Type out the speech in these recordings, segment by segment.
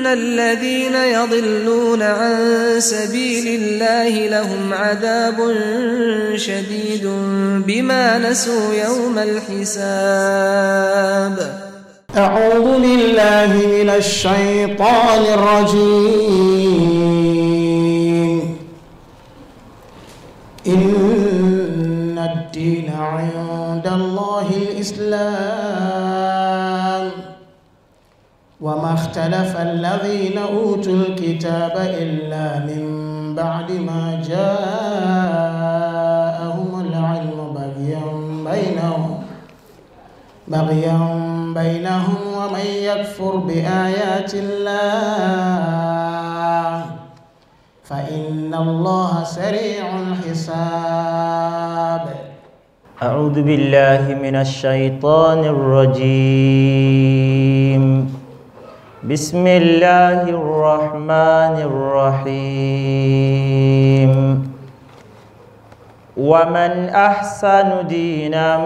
ان الذين يضلون عن سبيل الله لهم عذاب شديد بما نسوا يوم الحساب اعوذ بالله من الشيطان الرجيم ان الدين عند الله الاسلام وما اختلف الذين أوتوا الكتاب إلا من بعد ما جاءهم العلم بغيا بينهم بغيا بينهم ومن يكفر بآيات الله فإن الله سريع الحساب أعوذ بالله من الشيطان الرجيم بسم الله الرحمن الرحيم ومن أحسن دينا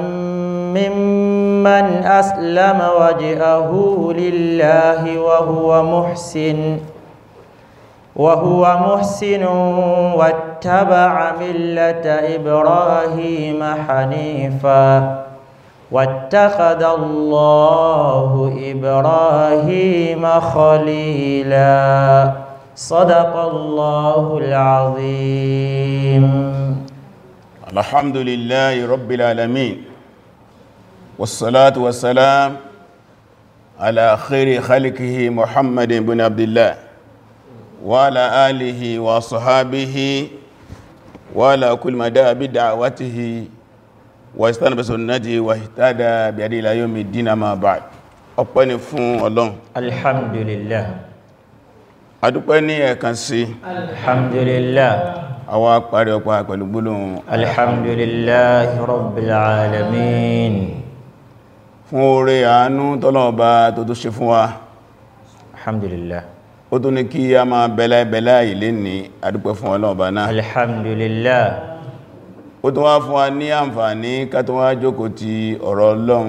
ممن أسلم وجهه لله وهو محسن وهو محسن واتبع ملة إبراهيم حنيفاً واتخذ الله إبراهيم خليلا صدق الله العظيم الحمد لله رب العالمين والصلاة والسلام على خير خلقه محمد بن عبد الله وعلى آله وصحابه وعلى كل مدى بدعوته واستنى بسنتي واهتدى بهدي الى يوم الدين ما بعد ọpẹ́ ni fún Ọlọ́run alhamdulillah adúpẹ́ ní ẹ̀kan sí alhamdulillah àwọn apàrí ọpá pẹ̀lú gbólóhùn alhamdulillah rabbil alamin fún oore àánú tọ́lọ̀ọba tó tó ṣe fún wa alhamdulillah ó tó ní kí a máa bẹ̀lẹ̀ bẹ̀lẹ̀ ilé ní adúpẹ́ fún Ọlọ́run náà alhamdulillah ó tó wá fún wa ní àǹfààní ká tó jókòó ti ọ̀rọ̀ Ọlọ́run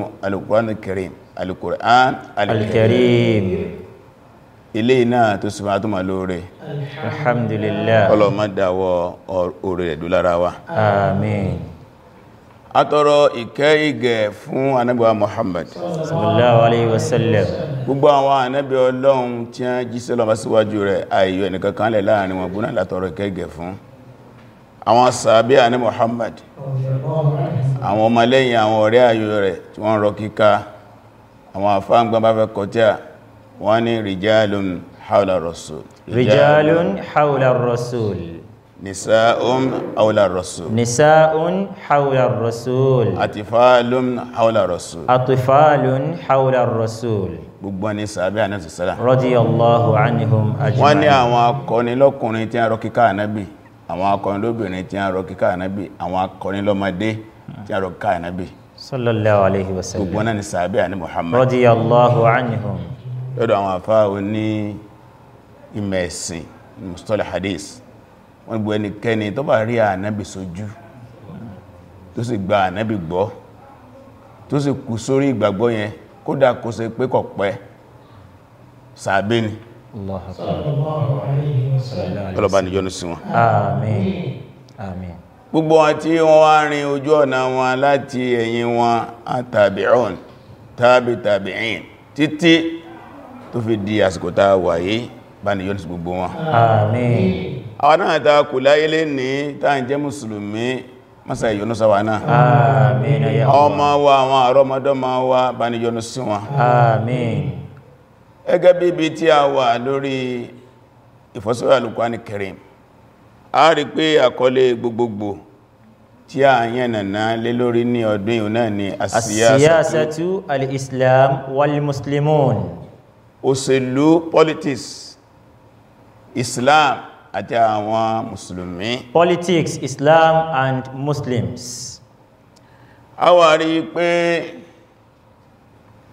Al-Qur'an Al-Karim al ilé iná tó sì máa tó máa lóore alhamdulillah ọlọ́mọ dáwọ́ oore rẹ̀ dó lára wa amin atọrọ ìkẹ́ ìgẹ̀ fún ànábì wa Muhammad sallallahu alaihi wasallam gbogbo àwọn ànábì Ọlọ́run tí a jíṣẹ́ lọ bá síwájú rẹ̀ àìyọ ẹnìkankan lẹ̀ láàrin wọn gbóná látọrọ ìkẹ́ ìgẹ̀ fún àwọn sàábí àní Muhammad àwọn ọmọlẹ́yìn àwọn ọ̀rẹ́ ayò rẹ̀ tí wọ́n rọ kíká àwọn àfáǹgbọ́n bá fẹ́ kọtíà wọ́n ní rijalun hawla rasul rijalun hawla rasul nisa'un hawla rasul nisa'un hawla rasul atifalun hawla rasul atifalun hawla rasul gbogbo ní sàábí àní sàlá radiyallahu anhum ajma'in wọ́n ní àwọn akọni lọ́kùnrin tí a rọ kíká ànábì àwọn akọrin lóbìnrin tí a rọ kíkà ànábì àwọn akọrin lọ́mọdé tí a rọ kíkà ànábì sallallahu alaihi wasallam gbogbo náà ni sàábẹ́ àní Muhammad radiyallahu anhum lọ́dọ̀ àwọn afáwọn ní ìmẹ̀ ẹ̀sìn mustalah hadith wọ́n gbogbo ẹnikẹ́ni tó bá rí ànábì sójú tó sì gba ànábì gbọ́ tó sì kú sórí ìgbàgbọ́ yẹn kódà kó ṣe pé kọ̀pẹ́ sàábẹ́ ni ọlọ́bà níjọ́nù sí wọn àmín àmín gbogbo wọn tí wọ́n wá rin ojú ọ̀nà wọn láti ẹ̀yìn wọn àtàbíọ̀n tàbí tàbíìn títí tó fi di àsìkò tá a wà yìí bá níjọ́nù sí gbogbo wọn àmín àwọn náà ta kù láyé lé ní táà jẹ́ mùsùlùmí masa ìyọnú sáwà náà àmín ọmọ wa àwọn àrọ́mọdọ́mọ wa bá níjọ́nù sí wọn àmín ẹgẹ́ bí ibi tí a wà lórí ìfọ́sọ́rọ̀ Al-Qur'ani a rí pé àkọlé gbogbogbò tí a yẹnàná lé lórí ní ọdún ìhùn náà ni asíyásátú al-Islam wal-Muslimun òṣèlú politics Islam àti àwọn Mùsùlùmí politics Islam and Muslims a wà rí pé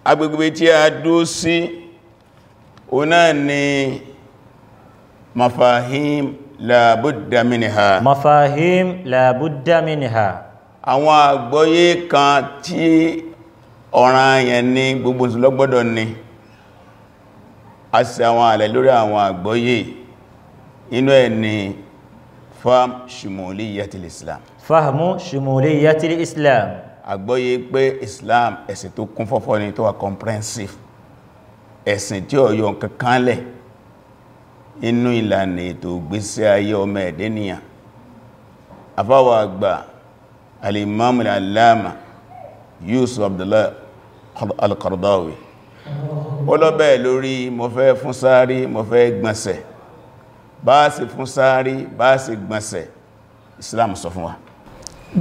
agbègbè tí a dúó sí si, ọ̀nà ni mafahim labudda minha mafahim labudda minha àwọn àgbọ́yé kan tí ọ̀ràn yẹn ní gbogbo ìsìnlọ́gbọ́dọ̀ ni a sì àwọn àlẹ̀ lórí àwọn àgbọ́yé inú ẹ̀ ni fam shimuliyatil islam fahmu shimuliyatil islam àgbọ́yé pé islam ẹ̀sìn tó kún fọ́fọ́ ni tó wà comprehensive ẹ̀sìn tí ó yọ kankan lẹ̀ inú ìlànà ètò ìgbésí ayé ọmọ ẹ̀dẹ́nìyàn afáwà àgbà al-imam al-allama yusuf abdullah al-qaradawi ó lọ́bẹ̀ lórí mo fẹ́ fún sáárí mo fẹ́ gbọ̀nsẹ̀ bá sì fún sáárí bá sì gbọ̀nsẹ̀ islam sọ fún wa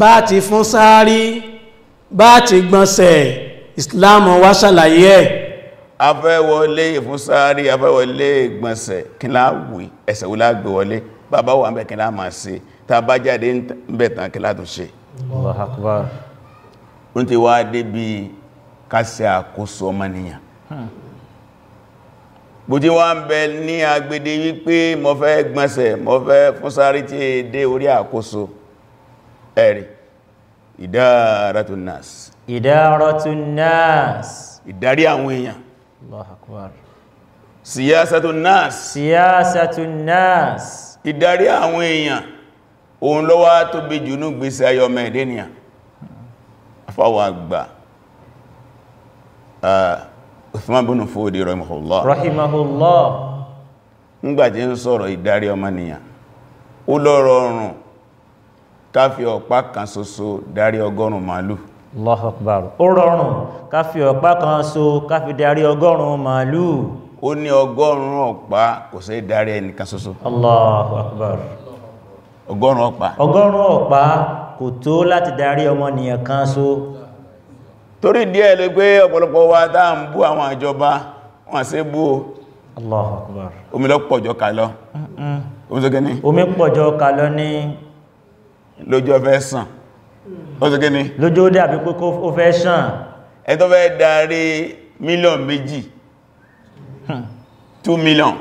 bá ti fún sáárí bá ti gbọ̀nsẹ̀ islam wá ṣàlàyé ẹ̀ afẹ́wọlé ìfúnsárí afẹ́wọlé ìgbọ̀nsẹ̀ kí láàwì ẹsẹ̀ wó láàgbé wọlé bàbá wà mẹ́ kí láà máa ṣe ta bá jáde ń bẹ̀tàn kí látún ṣe Allahu Akbar ń ti wá dé bí kásẹ̀ àkóso ọmọnìyàn bójí hmm. wá ń bẹ ní agbede wípé mo fẹ́ gbọ̀nsẹ̀ mo fẹ́ fúnsárí tí dé orí àkóso ẹ̀rì idaratun nas ìdarí àwọn èèyàn Allahu Akbar siyasatun nas siyasatun nas ìdarí àwọn èèyàn òun ló wà tó bí jùnú gbèsè ayọ̀ mẹ́ẹ̀dẹ́nìyàn afáwà àgbà Uthman bin Fudi rahimahullah rahimahullah ngbàtí ń sọ̀rọ̀ ìdarí ọmọnìyàn ó lọ́rọ̀ ọrùn ká ọ̀pá kan ṣoṣo darí ọgọ́rùn-ún màálù Allah Akbar ó rọrùn ká fi ọ̀pá kan so ká fi darí ọgọ́rùn-ún màálùú ó ní ọgọ́rùn-ún ọ̀pá kò sí darí ẹnìkan ṣoṣo Allahu Akbar ọgọ́rùn-ún ọ̀pá ọgọ́rùn-ún ọ̀pá kò tó láti darí ọmọnìyàn kan so torí díẹ̀ lè pé ọ̀pọ̀lọpọ̀ wa tá ń bú àwọn ìjọba wọ́n sí bú o Akbar omi lọ pọ̀jọ kalọ́ omi pọ̀jọ kalọ́ ní lójọ́ fẹ́ sàn ó sọ gẹ́ni lójó dàbí pé kó ó fẹ́ ṣàn ẹ tó fẹ́ darí mílíọ̀n méjì 2 hmm. mílíọ̀n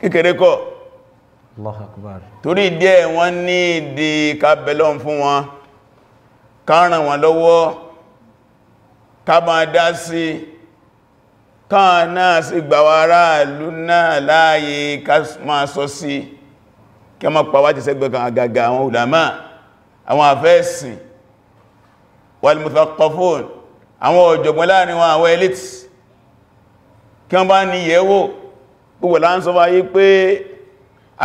kékeré kọ́ Akbar torí díẹ̀ wọ́n ní ìdí kábẹ̀lọ́n fún wọn káràn wọn lọ́wọ́ ká máa dá sí káà náà sí gbàwà aráàlú náà láàyè ká máa sọ sí kí a máa pàwàtí sẹ́gbẹ̀kan àgàgà àwọn ulama àwọn àfẹ́ẹ̀sìn walmuthaqqafun àwọn ọ̀jọ̀gbọ́n láàrin wọn àwọn elite kí wọ́n bá ní yẹ̀wò púpọ̀ láńsọ́fà yí pé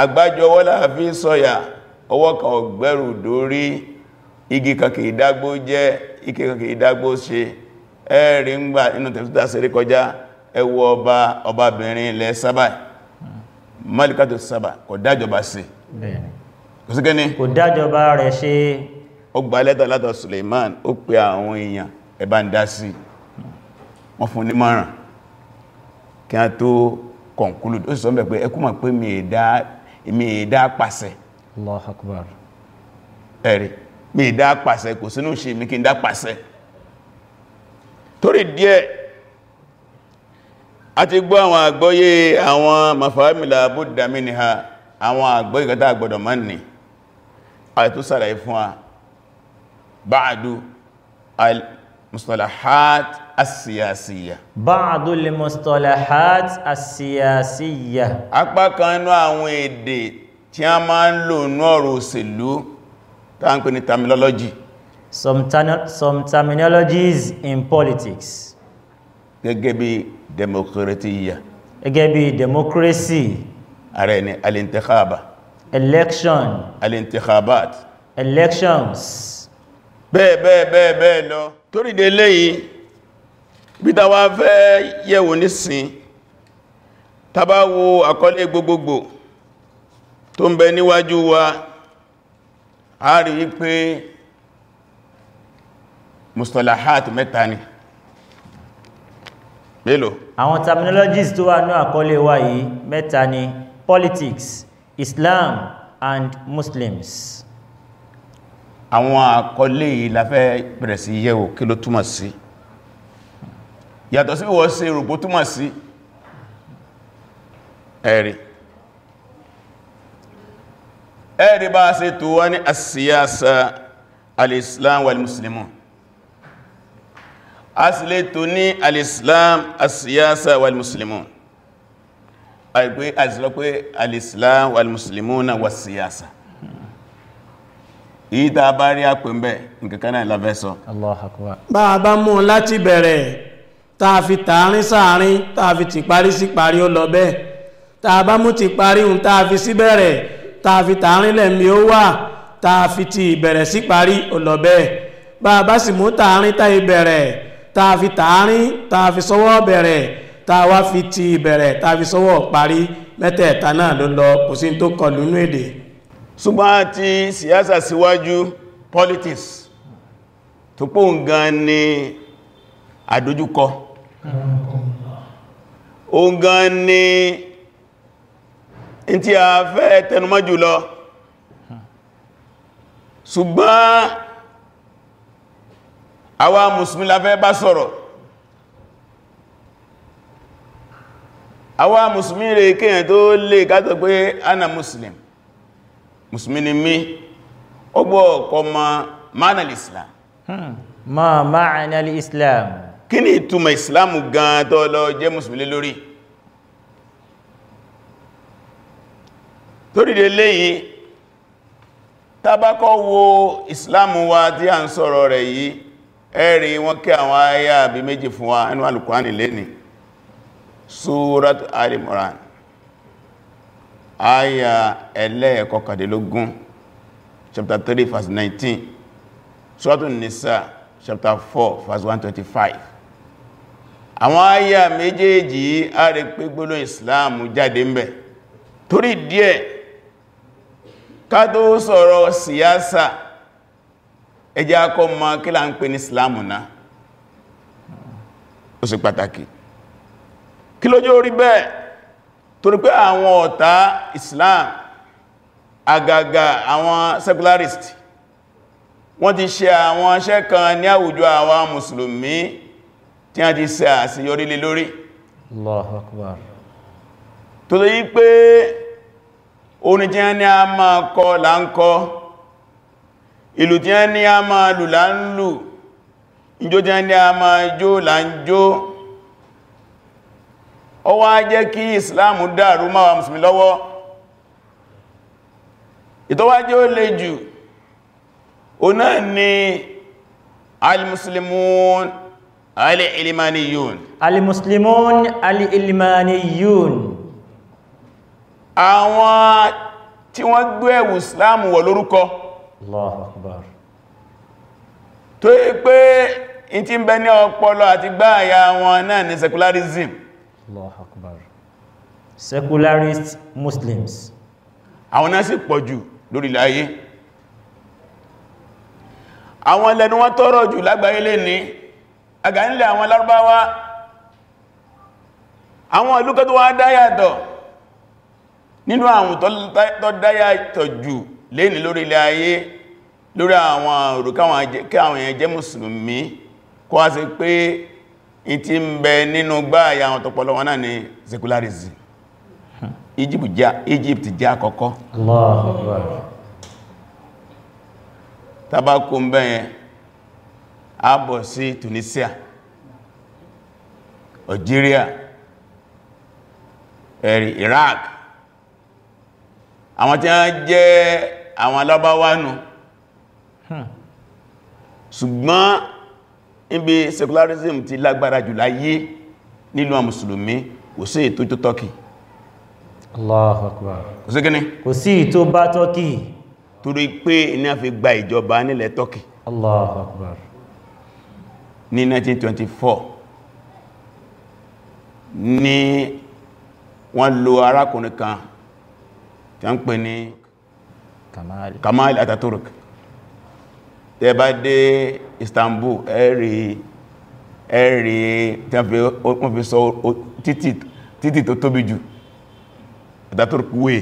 àgbájọ ọwọ́ láàfí sọ̀yà ọwọ́ kan ọ̀gbẹ̀rù dórí igi kàkì ìdágbó jẹ́ igi kàkì ìdágbó ṣe ẹ̀rí ń inú kọjá kò sí gẹ́ni kò dájọba rẹ̀ ṣe ó gba lẹ́tà látọ̀ Suleiman ó pe àwọn èèyàn ẹ bá ń dá sí wọ́n fún ní márùn kí a tó conclude ó sì sọ́mọ̀ pé ẹkùn pé mi èdá pàṣẹ Allahu Akbar ẹ̀rí mi èdá pàṣẹ kò sínú ṣe mi kí n dá pàṣẹ torí díẹ̀ a ti gbọ́ àwọn àgbọ́yé àwọn mafahimila buddha miniha àwọn àgbọ́yé kẹta àgbọ́dọ̀ mọ́ nìí àìtó sàlàyé fún a báàdù al-mustalahat as-siyasiyya báàdù al-mustalahat as-siyasiyya apá kan nú àwọn èdè tí a máa ń lò ní ọ̀rọ̀ òṣèlú tá ní terminology some, some terminologies in politics gẹ́gẹ́ bí democracy gẹ́gẹ́ bí democracy ààrẹ ni al-intikhaba election al-intikhabat elections Be be be be lọ torí de léyìn bí ta wá fẹ́ yẹ̀wò nísìn ta bá wo akole gbogbogbò tó ń bẹ níwájú wa a rí pé mustalahat mẹ́ta ni mélòó àwọn terminologies tó wà ní àkọlé wa yìí mẹ́ta ni politics Islam and Muslims. àwọn àkọlé yìí la fẹ́ bẹ̀rẹ̀ sí yẹ̀wò kí ló túmọ̀ sí yàtọ̀ sí wọ́n ṣe rògbò túmọ̀ sí ẹ̀rì ẹ̀rì bá ṣe tó wá ní àsíyásá al-Islam wal-Muslimun a sì lè tó ní al-Islam àsíyásá muslimun àìpé àìsìlọ pé alìsìláwà alìmùsùlùmùnà wà síyàsà èyí tàà bá rí àpè mẹ́ náà lábẹ́sọ bá a bá mú láti bẹ̀rẹ̀ fi tààrin sáàrin tàà fi ti parí sí parí ó lọ bá mú ti parí un taa fi sí bẹ̀rẹ̀ Taa fi tààrin lẹ́mí ó wà fi ti bere sí parí ó lọ bẹ́ẹ̀ bá a bá sì mú tààrin tààrin sọwọ́ bẹ̀rẹ̀ tá a wá fi ti ìbẹ̀rẹ̀ tá a fi sọ́wọ́ parí mẹ́tẹ̀ẹ̀ta náà ló lọ kò sí tó kọlù nú èdè ṣùgbọ́n ti siyasa síwájú politics tó pọ̀ gan ni àdójúkọ òun gan ni in tí a fẹ́ tẹnumọ́ jùlọ ṣùgbọ́n àwa mùsùlùmí la fẹ́ bá sọ̀rọ̀ àwa musulmi rẹ̀ kíyàn tó lè kátọ̀ pé ana muslim musulmi ni mí ó gbọ́ ọkọ̀ hmm. ma ma'ana islam ma ma'ana islam kí ni ìtumọ̀ islam gan tó lọ jẹ́ musulmi lórí torí de léyìí tabakọ́ wo islam wa tí a ń sọ̀rọ̀ rẹ̀ yìí ẹ̀rí wọn kí àwọn ayá bí méjì fún wa nínú alùkùránì lénìí surat al-imran aya ẹlẹ́ẹ̀kọkàndínlógún chapter 3 verse 19 surat nisa chapter 4 verse 125 àwọn aya méjèèjì a rí pé gbóló jade jáde ń bẹ̀ torí díẹ̀ ká tó sọ̀rọ̀ siyasa ẹjẹ́ akọ́ mọ́ kí là ń pè ní islam náà ó sì pàtàkì kí ló jẹ́ orí bẹ́ẹ̀ torí pé àwọn ọ̀tá Islam àgàgà àwọn secularist wọ́n ti ṣe àwọn iṣẹ́ kan ní àwùjọ àwa mùsùlùmí tí a ti ṣe àṣeyọrí lé lórí Allahu Akbar tó lè yí pé orin tí a ní a máa kọ là ìlú tí a ní a máa lù là ìjó tí a ní a máa jó là ó wá jẹ́ kí islam dàrú máa musulmi lọ́wọ́ ìtọ́wájẹ́ ó lè jù ó náà ni al-muslimun al-ilmaniyun al-muslimun al-ilmaniyun àwọn tí wọ́n gbé ẹ̀wù islam wọ̀ lórúkọ tó yí pé in ń bẹ ní ọpọlọ àti gbáàyà wọn náà ni secularism Allahu Akbar secularist Muslims àwọn náà sì pọ̀ jù lórí láyé àwọn lẹ́nu wọn tọ́rọ jù lágbàáyé lè ní àgbàílẹ̀ àwọn lárúbáwá àwọn olúkọ́ tó wá dáyàtọ̀ nínú àwọn tó dáyàtọ̀ jù lè ní lórí láyé lórí àwọn òrùkáwọn jẹ́ mùsùlùmí kọ́ wá sí pé ìtí ń bẹ nínú gbáàyà àwọn tọpọlọ wọn náà ni secularism Egypt jẹ́ àkọ́kọ́ tabakú ń bẹ̀yẹn àbọ̀ sí Tunisia Algeria ẹ̀rì Iraq àwọn tí wọ́n jẹ́ àwọn alábáwánú hmm. ṣùgbọ́n níbi secularism ti lágbára jù láyé nínú àwọn mùsùlùmí kò sí ètò tó tọ́kì Allahu Akbar kò sí gíní kò sí ètò bá tọ́kì torí pé ní a fi gba ìjọba nílẹ̀ tọ́kì Akbar ní 1924 ní wọ́n lo arákùnrin kan tí a ń pè ní Kamal Ataturk tẹ bá dé Istanbul ẹ̀rì ẹ̀rì wọ́n fi sọ títì tó tóbi jù ìdátorkúwé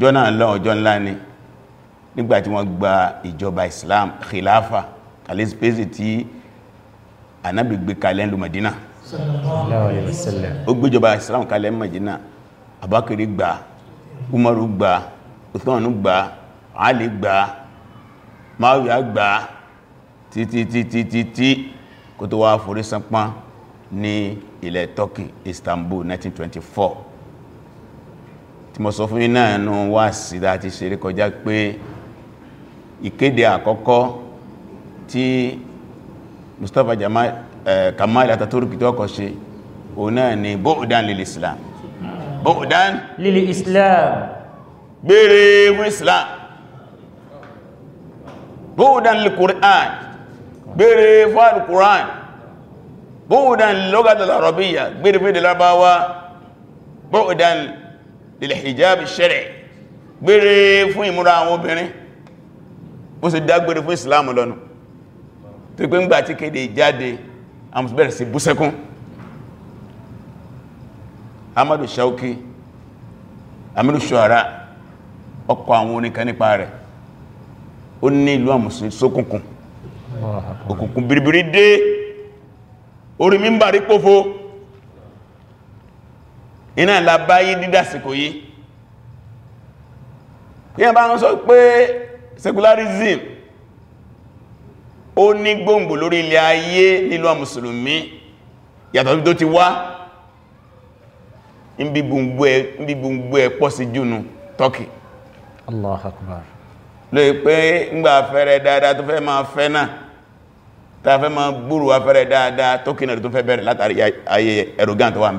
jọ́nà lọ ọjọ́ ńlá ni nígbàtí wọ́n gba ìjọba Islam khilafa kalispezi tí Ànábì gbé kalẹ̀ lù Madina ó gbéjọba Islam kalẹ̀ Madina Abakiri gba Umaru gba Uthmanu gba Ali gba máàwí àgbà títítítítí kò tó wá forí sánpán ní ilẹ̀ Turkey Istanbul 1924 tí mo sọ fún yín náà nù wá sí láti ṣe rí kọjá pé ìkéde àkọ́kọ́ tí Mustafa Jamal Kamal Atatürk tó kọ́ ṣe o náà ni bóòdán lílì Islam bóòdán lílì Islam gbére fún Islam bóòdán lè-Qur'an gbére fún al-Qur'an bóòdán lọ́gàtà al-Arabiyya gbére fún ìdílábáwá bóòdán lil-hijab ash-shar'i gbére fún ìmúra àwọn obìnrin ó sì dágbére fún Islam lọ́nu tó gbé ń gbà tí kéde jáde àmùsùbẹ̀rẹ̀ sí bú sẹ́kún Amadu Shauki ó ní ìlú àmùsùn sókùnkùn òkùnkùn biribiri dé orí mímbàrí pófó iná làbáyé dídásíkò yìí kí ẹ̀bá ń sọ pé secularism ó ní gbòǹgbò lórí ilẹ̀ ayé nílùú àmùsùlùmí yàtọ̀ tó ti wá ń bí gbòǹgbò ẹ̀ pọ̀ sí jùnú Turkey Allah akbar lè pé ngbà afẹ́rẹ dáadáa tó fẹ́ máa fẹ́ náà ta fẹ́ máa búrú afẹ́rẹ dáadáa tó kí tó fẹ́ bẹ̀rẹ̀ látàrí ayé ẹ̀rọgán tó wà ń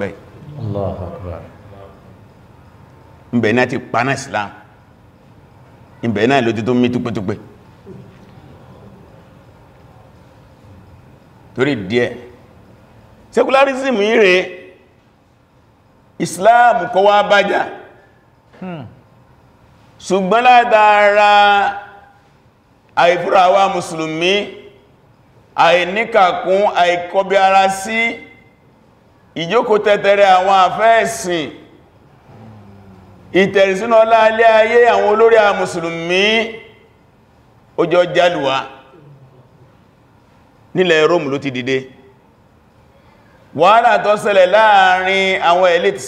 ti Islam ìbẹ̀ náà ló ti tó mí túpẹ́túpẹ́ torí díẹ̀ secularism Islam kọwa ṣùgbọ́n látara àìfúrawà mùsùlùmí àìníkàkún àìkọbi ara sí ìjókòó tẹ́tẹ̀rẹ àwọn àfẹ́ẹ̀sìn ìtẹ̀rìsínà láàlẹ́ ayé àwọn olórí a mùsùlùmí ojọ́ jálùwá nílẹ̀ Rome ló ti dìde wàhálà tó ṣẹlẹ̀ láàrin àwọn elites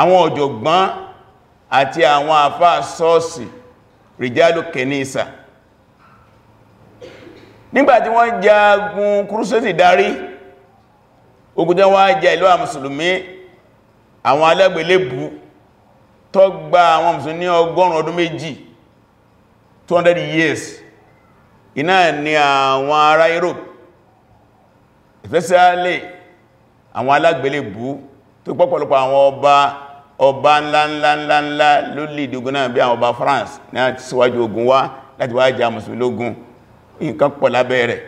àwọn ọ̀jọ̀gbọ́n àti àwọn àfá sọ́ọ̀sì rìjálù kẹnìsà nígbàtí wọ́n jagun kúrúsẹ́sì darí ogunjẹ́ wọ́n jẹ ìlú àwọn mùsùlùmí àwọn alágbèlébù tó gba àwọn mùsùlùmí ní ọgọ́rùn ọdún méjì 200 years iná ni àwọn ará Europe especially àwọn alágbèlébù tó pọ̀pọ̀lọpọ̀ àwọn ọba ọba ńláńláńláńlá ló lè dógún náà bí àwọn ọba France náà ti síwájú ogun wá láti wá jà mùsùlùmí lógún nǹkan pọ̀ lábẹ́ rẹ̀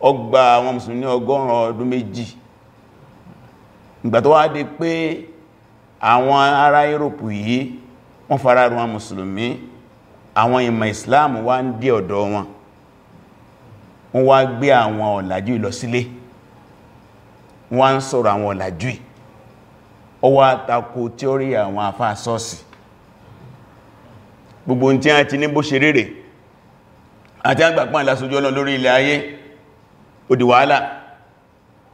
ó gba àwọn mùsùlùmí ọgọ́rùn ọdún méjì ìgbà tó pé àwọn ará Europe yìí wọ́n fara run àwọn mùsùlùmí àwọn ìmọ̀ Islam wá ń dé ọ̀dọ̀ wọn wọ́n wá gbé àwọn ọ̀làjú lọ sílé wọ́n sọ̀rọ̀ àwọn ọ̀làjú yìí ó wá tako tíórí àwọn àfáà sọ́ọ̀sì gbogbo tí a ti ní bó ṣe rere àti àgbàpá ìlàsójú ọlọ́ lórí ilẹ̀ ayé ó di wàhálà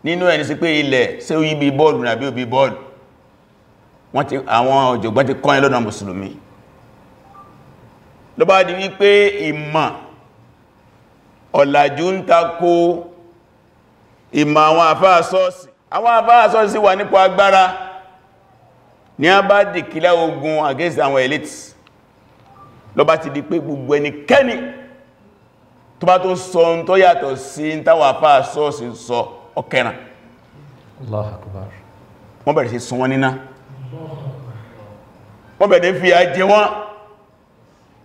nínú ẹni sí pé ilẹ̀ ṣé ó yí bí bọ́ọ̀lù nàbí òbí bọ́ọ̀lù wọ́n ti àwọn ọ̀jọ̀gbọ́n ti kọ́yìn àwọn àfáà sọ́ọ̀sì wà nípò agbára ní a bá dìkílá ogun against àwọn elites lọ bá ti di pé gbogbo ẹnikẹ́ni tó bá tó sọ ń tó yàtọ̀ sí ń táwà fáà sọ́ọ̀sì sọ ọkẹran Allahu Akbar wọ́n bẹ̀rẹ̀ sí sun wọn níná wọ́n bẹ̀rẹ̀ fi ajé wọn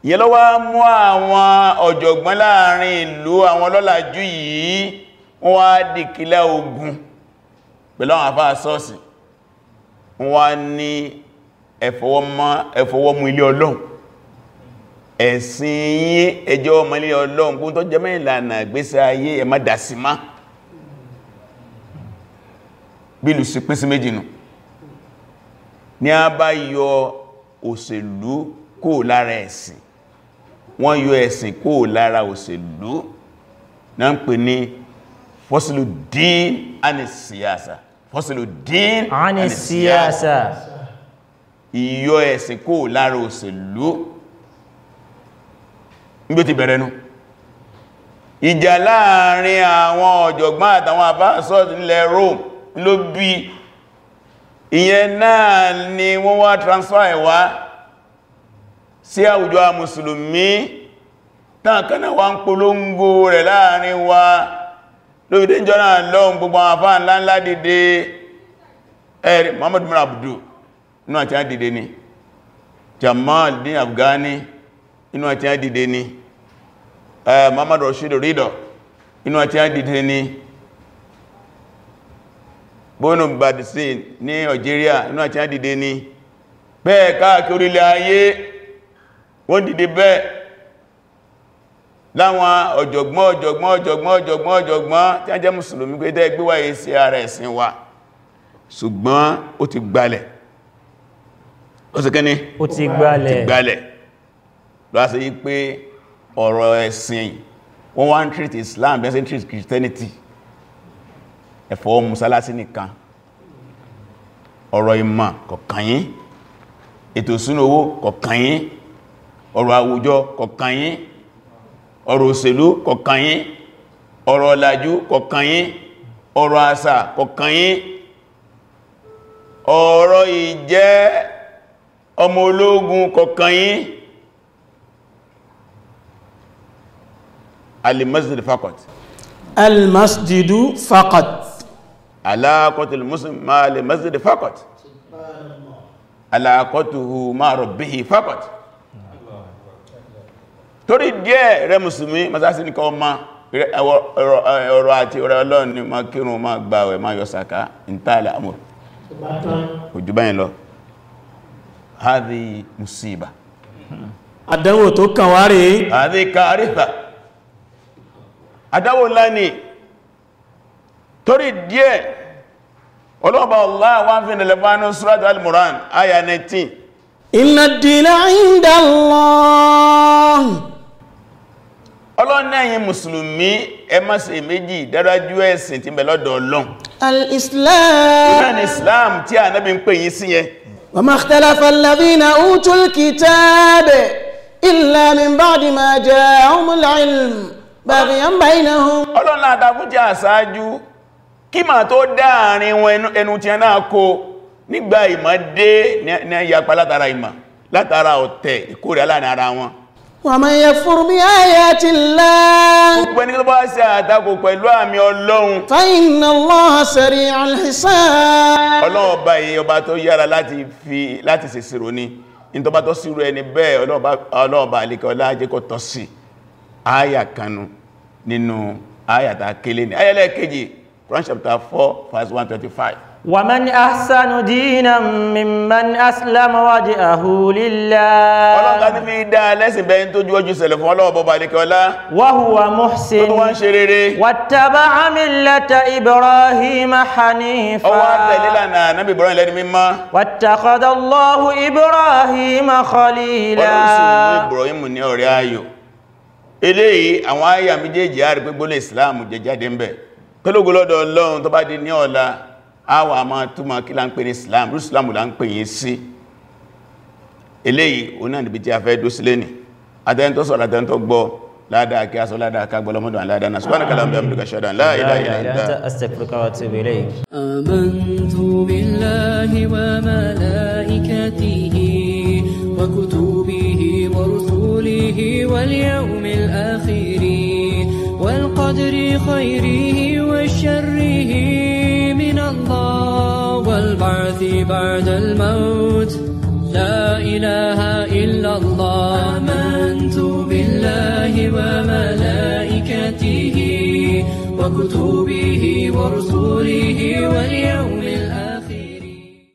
yẹ lọ mú àwọn ọ̀jọ̀gbọ́n láàrin ìlú àwọn lọ́làjú yìí wọ́n wá dìkílá ogun pẹ̀lú àwọn àfáà sọ́ọ̀sì wọ́n ní ẹ̀fọwọ́mú ilé ọlọ́run ẹ̀sìn yí ẹjọ́ ọmọ ilé ọlọ́run kún tó jẹ́mẹ́ ìlànà ìgbésẹ̀ ayé ẹ̀má dàsímá bílù sí pín sí méjì nù ní a bá yọ òṣèlú kó lára ẹ̀sìn wọ́n yọ ẹ̀sìn kó lára òṣèlú náà ń pè ní fọ́sílù dín ánì fọ́sílò dín àní síyásá ìyọ ẹ̀sìn kó lára òṣèlú níbi ti bẹ̀rẹ̀ nú ìjà láàrin àwọn ọ̀jọ̀gbọ́n àtàwọn àbáṣọ́dì ilẹ̀ Rome ló bí ìyẹn náà ni wọ́n wá transfer ẹ̀wá sí àwùjọ mùsùlùmí tàn kanáà ń polongo rẹ̀ láàrin wa, wa lóbìdé ìjọ náà lọ́un gbogbo àfáà ńláńlá dìde ẹ̀rì Muhammad mura abdu inú àti á dìde ni Jamal ní Afghani inú àti á dìde ni Muhammad Rashid Rido inú àti á dìde ni bónú Badsin ní Algeria inú àti á dìde ni bẹ́ẹ̀ káàkiri ilẹ̀ ayé wọ́n dìde bẹ́ẹ̀ láwọn ọ̀jọ̀gbọ́n ọ̀jọ̀gbọ́n ọ̀jọ̀gbọ́n ọ̀jọ̀gbọ́n ọ̀jọ̀gbọ́n tí a jẹ́ mùsùlùmí pé dẹ́ gbíwà èsì ara ẹ̀sìn wa ṣùgbọ́n ó ti gbalẹ̀ ó sì kẹ́ni ó ti gbalẹ̀ lọ́wọ́ sí yí ọ̀rọ̀ ẹ̀sìn wọ́n Islam bẹ́ẹ̀ sí Christianity ẹ̀fọ́ musalasi nìkan ọ̀rọ̀ ìmọ̀ kọ̀kànyín ètò ìsúnowó kọ̀kànyín ọ̀rọ̀ àwùjọ kọ̀kànyín ọ̀rọ̀ òṣèlú kọ̀kan yín ọ̀rọ̀ ọ̀làjú kọ̀kan yín ọ̀rọ̀ àṣà kọ̀kan yín ọ̀rọ̀ ìjẹ́ ọmọ ológun kọ̀kan yín al-masjid faqat al-masjidu faqat alaqatul muslim torí díẹ̀ rẹ mùsùlùmí masásí nìkan ọmọ ọ̀rọ̀ àti ọ̀rọ̀ ọlọ́run ni máa kírun máa gbààwẹ̀ máa yọ sàká ìntàlẹ̀ àmọ̀ òjú báyìí lọ hádí musíba àdánwò tó kàn wá rí hádí kàrífà àdánwò ńlá ni torí díẹ̀ ọlọ́ọ̀bá Allah wá ń fi nìlẹ̀bánú surat al-Imran aya 19 inna dina inda Allah ọlọ́nẹ́yìn mùsùlùmí ẹ má ṣe méjì dájú ẹ̀sìn tí ń bẹ lọ́dọ̀ Ọlọ́run al-islam islam tí a nábi ń pè yí sí yẹ wa ma ikhtalafa alladhina utul kitabe illa min ba'di ma ja'ahumul ومن يكفر بآيات الله فإن الله سريع الحساب Ọlọ́run ọba yìí ọba tó yára láti fi láti ṣe ṣírò ní Ọlọ́run ọba àlíkẹ́ ọlá jẹ́ kó tọ́ sí àyà kanú nínú àyà tàà kélé ní àyà lẹ́ẹ̀kejì 4 verse 125 ومن أحسن دينا ممن أسلم وجهه لله ọlọ́run láti fi dá lẹ́sìn bẹ́yìn tó juwọ́jú sẹ̀lẹ̀ fún ọlọ́wọ́ bọ́bá alékọ́lá وهو محسن tó wọ́n ṣe rere واتبع ملة إبراهيم حنيفا ó wá tẹ̀lé ìlànà Nábì Ibrahim lẹ́ni mímọ́ واتخذ الله إبراهيم خليلا eléyìí àwọn àyà méjèèjì á rí pé gbólé ìsìláàmù jẹ jáde ń bẹ̀ kí ló gbólọ́dọ̀ ọlọ́run tó bá di ní ọ̀la àwa máa túmọ̀ kí la ní islam rú islam la sí eléyìí o náà níbi tí a fẹ́ ní àtẹ́ntọ́ sọ̀rọ̀ àtẹ́ntọ́ gbọ́ ládàá kí a sọ ládàá ká gbọ́lọmọ́dún aládàá náà subhanaka wa bihamdika wa atubu ilayk amantu billahi wa malaikatihi wa kutubihi wa rusulihi البعث بعد الموت لا إله إلا الله آمنت بالله وملائكته وكتبه ورسله واليوم الآخر